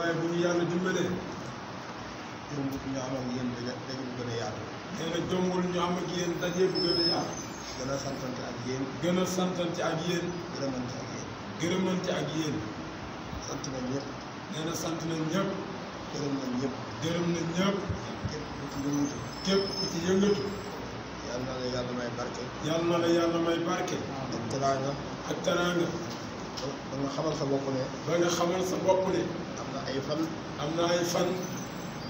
waaye bu ñu yàlla dimbalee. jom ñu am ak yéen daje bu gën a yaatu. nee na jombul ñu am ak yéen daje bu gën a yaatu. gën a santante ak yéen. gën a santante ak yéen. gërëmante ak yéen. gërëmante ak yéen. sant nañ ñëpp. nee na sant nañ ñëpp. gërëm nañ ñëpp. gërëm nañ ñëpp. képp ku ci yëngatu. képp ku ci yëngatu. yal na la yàlla may barke. yal na la yàlla may barke. ak teraanga. ak teraanga. ba nga xamal sa bopp ne. ba nga xamal sa bopp ne. ay fan am na ay fan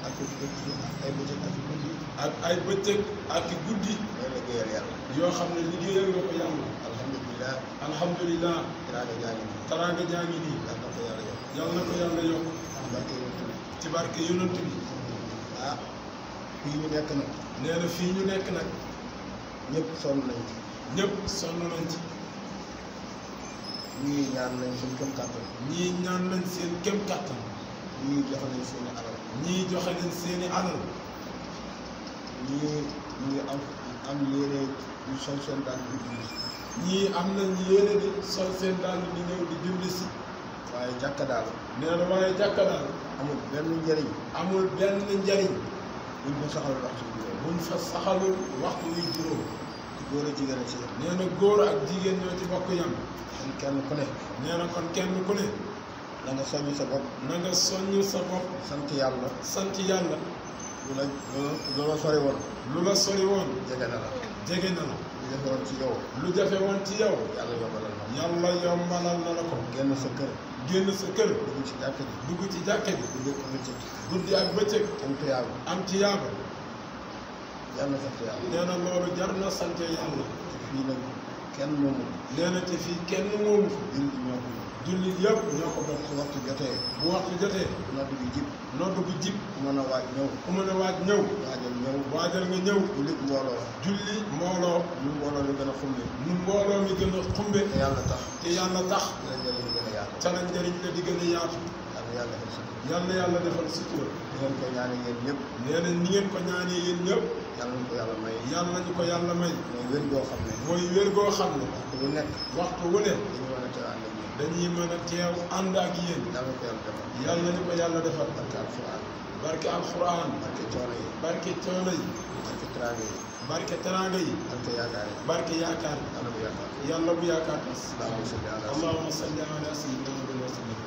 ak ay guddi ak ay bëccëg ak guddi mooy liggéeyal yàlla yoo xam ne liggéeyal nga ko yàlla alhamdulilah alhamdulilah teraanga jaa nii teraanga jaa nii yàlla ko yàlla yokk yàlla na ko yàlla yokk ci barke yonent bi ah fii ñu nekk nag nee na fii ñu nekk nag ñëpp sonn nañ ci ñëpp sonn nañ ci ñii ñaan nañ seen kem kàttan ñii ñaan nañ seen kem kàttan ñii joxe nañ seen i alal. ñii joxe nañ seen i alal. ñii am am yéene ñu sol seen daal julli si. ñii am nañ yéene di sol seen daal di ñëw di julli si. waaye jàkka daal. nee na waaye jàkka daal. amul benn njëriñ. amul benn njariñ buñ fa saxalul waxtu bi fa saxalul waxtu bi juróom. góor a jigéen a ci yem. nee góor ak jigéen ñoo ci bokk yam kon kenn ku ne. nee na kenn ku ne. na nga soññ sa bopp. na nga soññ sa bopp. sant yàlla. sant yàlla. lu la lu la sori woon. lu la sori woon. jege na la. jege na la. lu jafe woon ci yow. lu jafe woon ci yow. yàlla yombalal na. yàlla yombalal na la ko. génn sa kër. génn sa kër. dugg ci jàkka ji. dugg ci jàkka ji. guddi ak bëccëg. guddi ak bëccëg. am ci yaaba. am ci yaaba. jar na sant yàlla. nee na loolu jar na sant yàlla. fii nag. kenn moomu nee na te fii kenn moomu ko jullit ñoo ko jullit yëpp ñoo ko bokk su waxtu jotee bu waxtu jotee nodd bi jib nodd bi jib ku mën a waaj ñëw ku mën a waaj ñëw waajal ñëw waajal nga ñëw jullit mbooloo julli mbooloo nu mbooloo mi gën a xumbe nu mbooloo mi gën a xumbe te yàlla tax te yàlla tax ca la njëriñ la di gën a yaatu yàlla def sutura. yal na yàlla defal sutura. ni ngeen ko ñaanee yéen ñëpp. nee na ni ngeen ko ñaanee yéen ñëpp. yàlla nañu ko yàlla may. yàlla nañu ko yàlla may. mooy wér goo xam ne. mooy wér goo xam ne. waxtu wu nekk. waxtu wu ne. dañuy mën a teew ànd ak yéen. dañuy mën a teew ànd ak yéen. yàlla nañu ko yàlla defal. yàlla nañu ko yàlla defal. barke alxuraan. barke alxuraan. barke coono yi. barke coono yi. barke teraanga yi. barke teraanga yi. barke yaakaar yi. barke yaakaar yi. yàlla bu yaakaar tas. allahumma salli ala sayyidina muhammad wa sallam